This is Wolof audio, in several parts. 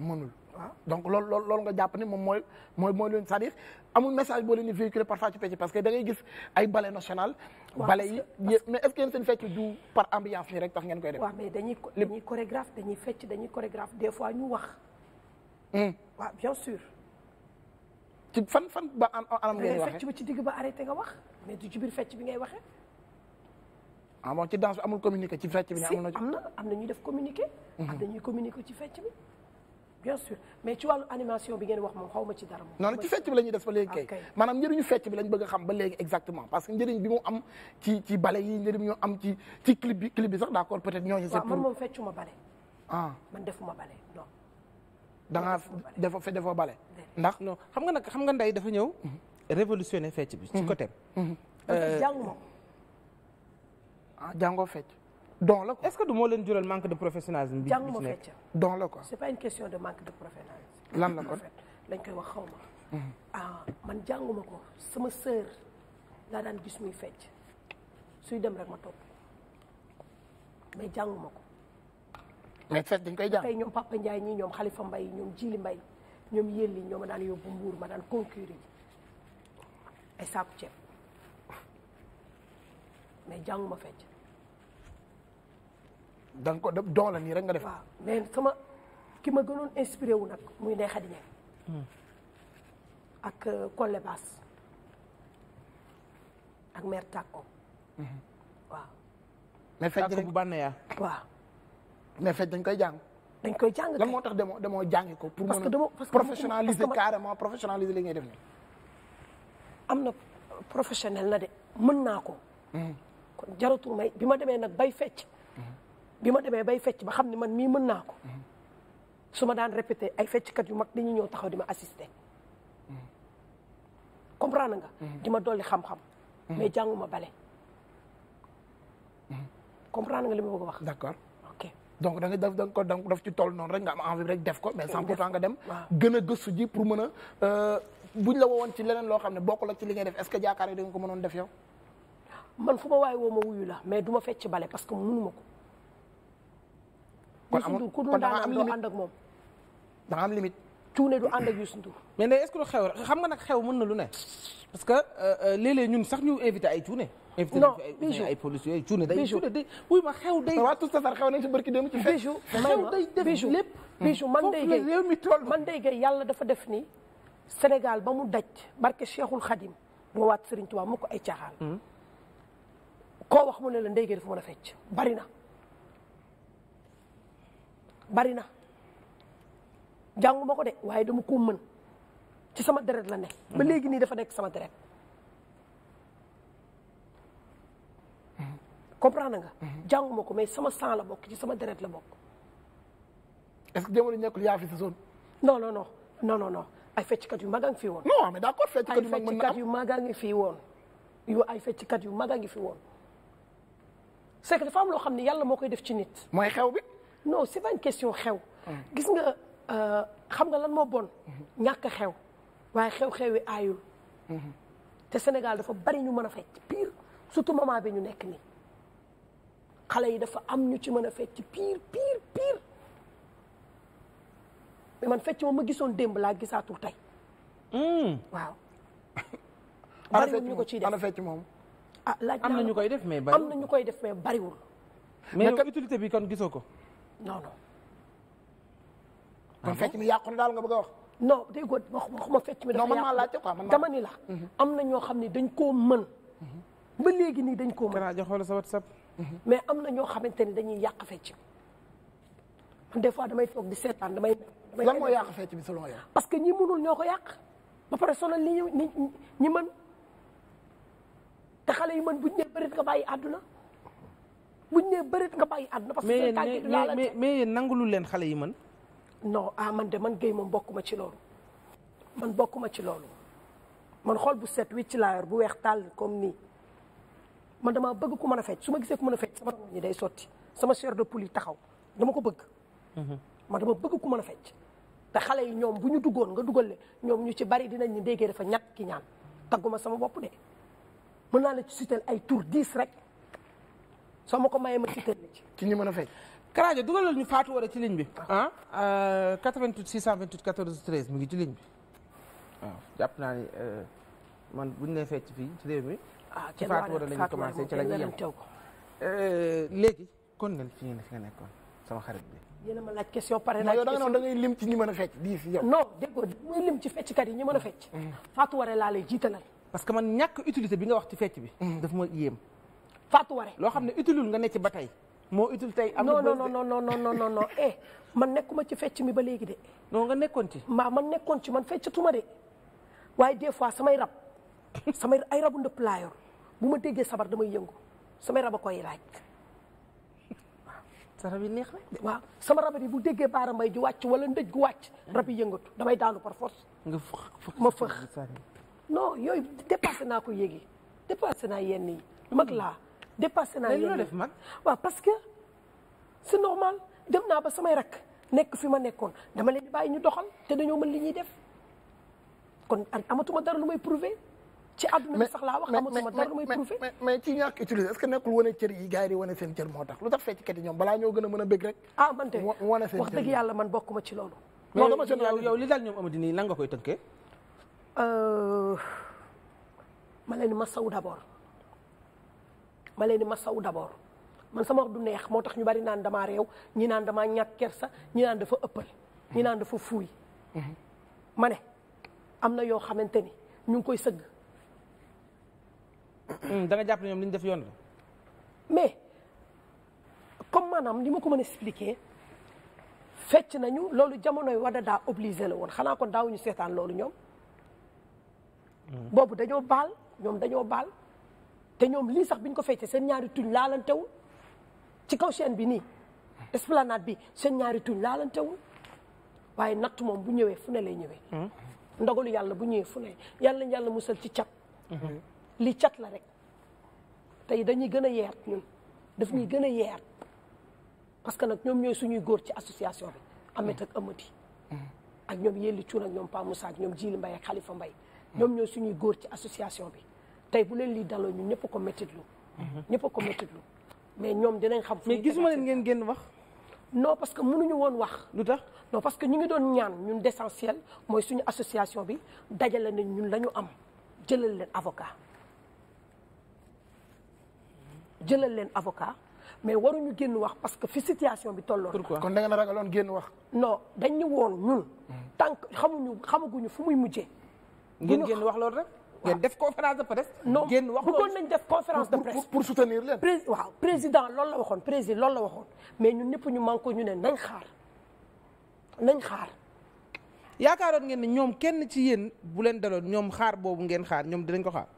mënul ah donc loolu loolu loolu nga jàpp ni moom mooy mooy mooy leen c'est-à-dire amul message boo leen di véhiculer parfois ci pecc parce que da gis ay ballet national ballet yi mais est ce que yéen seen fecc du par ambiance nii rek tax ngeen koy def waaw mais dañuy dañuy chorégraphe dañuy fecc dañuy chorégraphe des fois ñu wax hmm. waaw bien sûr fan fan ba anam ngeen waxee fecc ba ci digg ba arrêté nga wax mais du ci biir fecc bi ngay waxee ah ci danse amul communiqué ci fecc bi amul na am na am na ñuy def communiqué hmm. am na ñuy communiqué ci fecc bi bien sûr mais ci wàllu animation bi ngeen wax moom xaw ma ci dara moom. non non ci fecc bi la ñuy des ba léegi fecc bi lañ a xam ba léegi exactement parce que njëriñ bi am ci ci clip bi clip bi sax d'accord peut-être ñooñu. c'est pour man moom bale. ah man defuma bale non. da ngaa defoo defoo bale. ndax non xam nga nag xam nga ndey dafa ñëw. Mhm. révolutionner fecc bi. ci mhm. côté am. Mhm. Euh, jànguma ah jàngoo fecc. don la quoi est-ce que du moo leen jural manque de professionnalisme. bi jànguma fecc don la ko c'est pas une question de manque de professionnalisme. la kon lañ koy wax xaw ma. Mhm. ah man jànguma ko sama sœur laa daan gis muy fecc suy dem rek ma topp mais jànguma ko. mais fecc dañ koy jàng tey ñoom Papa Ndiaye ñii ñoom Khalifa Mbaye ñoom Djili Mbaye ñoom Yelli ñoo ma daan yóbbu Mbour ma daan concourir ay saaku ceeb mais jànguma fecc. da nga ko don la nii rek nga def. waaw mais sama ki ma gënoon inspiré wu nag muy Ndeye Khady Ndiaye. Hmm. ak euh, Collé Basse ak mère ko hmm. waaw. mais fecc rek bu bànn yaa. waaw. mais fecc dañ koy jàng. dañ koy jàng lan moo tax demoo demoo jàngi ko. pour mën a professionnaliser carrément professionnaliser li ngay def nii. am na de mën naa ko. Hmm. kon jaratul bi ma demee nag bay fecc. bi ma demee bay fecc ba xam ne man mii mën naa ko mm-hmm. su ma daan répété ay fecckat yu mag dañuy ñëw taxaw di ma assister mm-hmm. comprendre nga. Mm-hmm. di ma dolli xam-xam. mais jànguma bale. comprendre nga li a wax. d'accord ok donc da nga def da nga ko da daf ci toll am envie rek def ko mais sans pourtant nga dem. gën a gëstu ji pour mën a euh, buñ la woowoon ci leneen loo xam ne bokkul ak ci li ngay def est-ce que jaakaar yi da nga ko mënoon def yow. man fu ma waay woo ma wuyu la mais duma ma fecc bale parce que mënu ma ko. kon amul kon da am limite ànd ak moom da nga am limite du ànd ak Youssou Ndour mais ne est-ce que xam nga nag xew mën na lu ne parce que euh, euh, léeg-léeg ñun sax ñu invité ay tuune non Bijou ay ay cuune day cuune day wuy ma xew day waa tout safar xew na ci barki dem ci fekk Bijou xew day lépp hmm. Bijou man day gay réew mi toll man day gay dafa def ni Sénégal ba mu daj barke Cheikhul Khadim doo waat Serigne Touba mu ko ay caaxaan hmm. koo wax mu ne la ndéygee dafa mën a fecc bari na bari na jànguma ko de waaye dama ko mën ci sama deret la nekk. ba léegi nii dafa nekk sama deret. comprendre nga. jànguma ko mais sama sang la bokk ci sama deret la bokk. est-ce que jamono nekkul yaa fi sa zone. non non non non non non ay fecckat yu mag a ngi fi woon. non mais d'accord fecckat yu mag ay fecckat yu mag ngi fi woon. yu ay fecckat yu a ngi fi woon. c'est que dafa am loo xam ne yàlla moo koy def ci nit. mooy xew bi. non c'est pas une question xew. Mm. gis nga euh, xam nga lan moo bon. Mm-hmm. ñàkk xew waaye xew-xew yi aayul. Mm-hmm. te Sénégal dafa bari ñu mën a fecc pire surtout moment bi ñu nekk nii xale yi dafa am ñu ci mën a fecc pire pire pire. man fecc moom ma gisoon démb laa gisaatul tey. Mm. waaw. bariwul ñu ko ciy def ana moom. ah laaj am na ñu koy def mais bariwul am na ñu koy def mais bariwul. mais utilité bi kon gisoo ko. non non. kon ah ah fecc mi yàqu daal nga bëgg wax. non day ko waxuma fecc mi. dafa yàqu non man maa ni la. Mhm. am na ñoo xam ne dañ koo mën. Mhm. ba léegi nii dañ koo mën. kanaa joxoon la sa WhatsApp. Mhm. mais am na ñoo xamante ne dañuy yàq fecc man des fois damay soog di seetaan damay. damay lan moo yàq fecc bi selon yow. parce que ñi mënul ñoo ko yàq. ba pare solo li ñi ñi mën te xale yi mën bu ñu nee bërit nga bàyyi àdduna. ñu nee bëreet nga bàyyi àdduna. parce que kàddu laa la mais mais yéen nangulul leen xale yi man. non ah man de man Guèye moom ma ci loolu man bokkuma ci loolu man xool bu set wicc laa yor bu weex tàll comme nii man dama bëgg ku man a fecc su ma gisee ku mën a fecc sama rongoñ ñi day sotti sama chair de poule yi taxaw dama ko bëgg. Mhm. man dama bëgg ku mën a fecc. te xale yi ñoom bu ñu duggoon nga dugal le ñoom ñu ci bari dinañ ñu déggee dafa ñàkk ki ñaan tagguma sama bopp de mën naa la ci sutel ay tour 10 rek. soo ma ko mayee ma tiital ci. ci ñi mën a fecc. Karajo dugalal ñu Fatou Wara ci ligne bi. ah 88 628 14 13 mu ngi ci ligne bi. waaw jàpp naa ni euh, man bu ñu nee fecc fii ci réew mi. ah ci Fatou Wara la ñu commencé ci la ñu yem euh, léegi kon nag fi nga nekkoon sama xarit bi. yéen a ma laaj question pare laaj question da ngay lim ci ñi mën a fecc diis yow. non déggoo yi ñi mën a fecc. Mm. Fatou Wara laa lay jiitalal. parce que man ñàkk utilité bi nga wax ci fecc bi. Mm. daf ma yéem. Fatou Waré loo xam ne utile nga ne ci ba tey moo utile tey am non non non non non eh, ci fecc mi ba léegi de non nga nekkoon ci maa man nekkoon ci man fecc feccatuma de waaye des fois samay rab samay ay rabu ndëpp laa yor bu ma déggee sabar damay yëngu samay rab a koy laaj sa rab yi neex rek sama rab yi bu déggee baara may ji wàcc wala ndëj gu wàcc rab yi yëngatu damay daanu par force nga ma fëx non yooyu dépassé naa ko yéegi dépassé naa yenn yi mag laa dépassé naa yéen def man waaw parce que c'est normal dem naa ba samay rakk nekk fi ma nekkoon dama leen di bàyyi ñu doxal te dañoo mën li ñuy def kon amatuma dara lu may prouver ci àdduna bi sax laa wax amatuma dara lu may prouver mais ci ñàkk utiliser est-ce que nekkul wane cër yi gars yi di wane seen cër moo tax lu tax feccikat yi ñoom balaa ñoo gën a mën a bég rek ah man de wax dëgg yàlla man bokkuma ci loolu non dama ci yow li daal ñoom amadi nii lan nga koy tënkee euh, euh, ma leen ma saw d'abord ma leen di masaw d'abord man sama wax du neex moo tax ñu bari naan damaa réew ñi naan damaa ñàkk kersa ñi naan dafa ëppal ñi naan dafa fuuy ma ne am na yoo xamante ni ñu ngi koy sëgg hmm, da jàpp ne ñoom li ñu def yoon mais comme maanaam li ma ko mën expliquer fecc nañu loolu war wada daa obligé la woon xanaa kon ñu seetaan loolu ñoom hmm. boobu dañoo baal ñoom dañoo baal te ñoom lii sax bi ñu ko feccee seen ñaari tuñ laalantewul ci kaw chaîne bi nii esplanade bi seen ñaari tuñ laalantewul waaye natt moom bu ñëwee fu ne lay ñëwee. Hmm? ndogalu yàlla bu ñëwee fune ne yàlla nañ yàlla musal ci cat. Hmm. li cat la rek tey dañuy gën a yeer ñun daf ñuy gën a yeer parce que nag ñoom ñooy suñuy góor ci association bi amet ak amati. Hmm. ak ñoom yelli cuun ak ñoom Pa Moussa ak ñoom Jili Mbaye ak ñoom ñooy suñuy góor ci association bi. tey bu leen lii daloo ñu ñëpp ko méttitlu ñëpp ko méttitlu mais ñoom dinañ xam. mais gisuma leen ngeen génn wax. non parce que mënuñu woon wax. lu tax non parce que ñu ngi doon ñaan ñun d'essentiel mooy suñu association bi dajale nañ ñun la am jëlal leen avocat. jëlal leen avocat mais waruñu génn wax parce que fi situation bi tolloon. pourquoi kon da ngeen ragaloon génn wax. non dañ ñu woon ñun. tant xamuñu xamaguñu fu muy mujjee. ngeen génn wax loolu rek. ngeen def conférence de presse. génn wax bëggoon nañ def conférence de presse pour soutenir leen. waaw président loolu la waxoon président loolu la waxoon mais ñun ñëpp ñu manqué ñu ne nañ xaar nañ xaar. yaakaaroon ngeen ne ñoom kenn ci yéen bu leen daloon ñoom xaar boobu ngeen xaar ñoom dinañ ko xaar.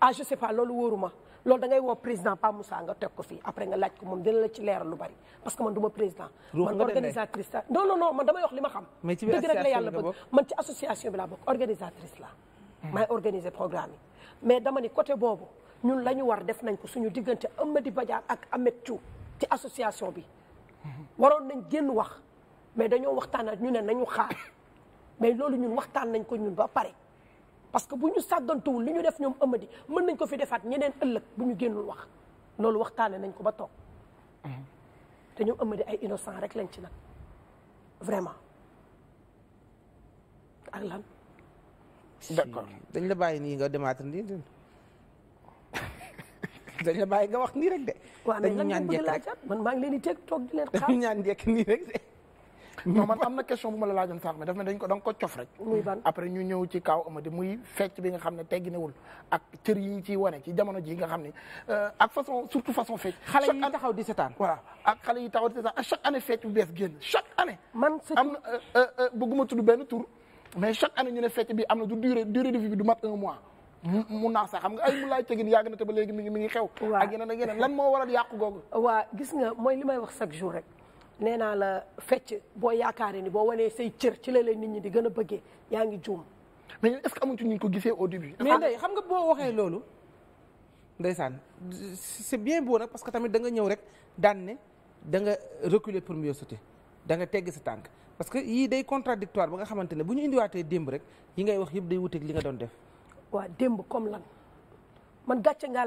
ah je sais pas loolu wóoruma loolu da ngay woo président Pa Moussa nga teg ko fi après nga laaj ko moom dina la ci leeral lu bari parce que man du la non non non man damay wax li ma xam. mais ci dëgg rek la yàlla bëgg man ci association bi laa bokk la Mm. maay organiser programme mais dama ni côté boobu ñun la ñu war def nañ ko suñu diggante Amady Badiane ak Ameth Thiou ti association bi mm-hmm. waroon nañ génn wax mais dañoo waxtaan ak ñu ne nañu xaar mais loolu ñun waxtaan nañ ko ñun ba pare parce que bu ñu saggantuwul li ñu def ñoom Amady mën nañ ko fi defaat ñeneen ëllëg bu ñu génnul wax loolu waxtaane nañ ko ba toog mm-hmm. te ñoom ay innocent rek lañ ci nag vraiment ak d'accord dañ la bàyyi nii nga demaat nii dañ la bàyyi nga wax nii rek de. dañu ñaan njëkk rek man maa ngi leen di teg toog di ñaan njëkk nii rek de. non man am na question bu ma la laajoon sànq mais daf ne dañ ko da nga ko cof rek. muy après ñu ñëw ci kaw Amady muy fecc bi nga xam ne tegginewul ak cër yi ci wane ci jamono ji nga xam ne euh, ak façon surtout façon fecc. xale yi taxaw di seetaan voilà ak xale yi taxaw di seetaan chaque année fecc bu bees génn chaque année. man am na euh, euh, bëgguma tudd benn tur. mais chaque année ñu ne fecc bi am na du durée durée de vie bi du mat un mois mun naa sax xam nga ay mu laay tegin yàgg na te ba léegi mi ngi mi ngi xew a yeneen ak yeneen lan moo waral yàqu googu waa gis nga mooy li may wax chaque jour rek nee naa la fecc boo yaakaaree ni boo wanee say cër ci la leen nit ñi di gën a bëggee yaa ngi juum mais est-ce que ci ñu ko gisee au début mais nday xam nga boo waxee loolu ndeysaan c'est bien boo nag parce que tamit danga ñëw rek daan ne da nga reculer pour mieux sauter da nga tegg sa tànk parce que yii day contradictoire ba nga xamante ne bu ñu indiwaatee démb rek yi ngay wax yëpp day wuteeg li nga doon def. waaw démb comme lan man gàcce ngaa